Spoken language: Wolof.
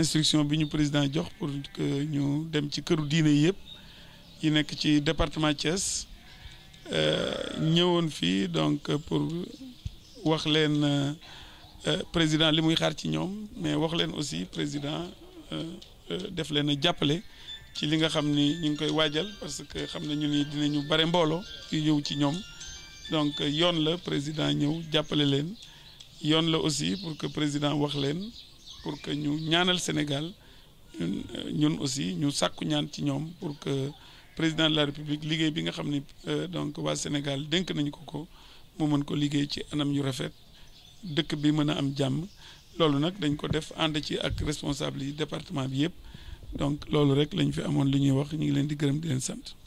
instruction bi ñu président jox pour que ñu dem ci këru diine yëpp yi nekk ci département Thiès euh, ñëwoon fii donc pour wax leen euh, euh, président li muy xaar ci ñoom mais wax leen aussi président def leen a jàppale ci li nga xam ni ñu ngi koy waajal parce que xam na nañu ni ñu bare mbooloo yu ñëw ci ñoom donc yoon la président ñëw jàppale leen yoon la aussi pour que président wax leen. pour que ñu ñaanal Sénégal ñun euh, ñun aussi ñu sàkku ñaan ci ñoom pour que président de la république liggéey bi nga xam ni euh, donc waa Sénégal dénk nañu ko ko moo mën ko liggéey ci anam yu rafet dëkk bi mën a am jàmm loolu nag dañ ko def ànd ci ak responsable yi département bi yëpp donc loolu rek lañu fi amoon li ñuy wax ñu ngi leen di gërëm di leen sant.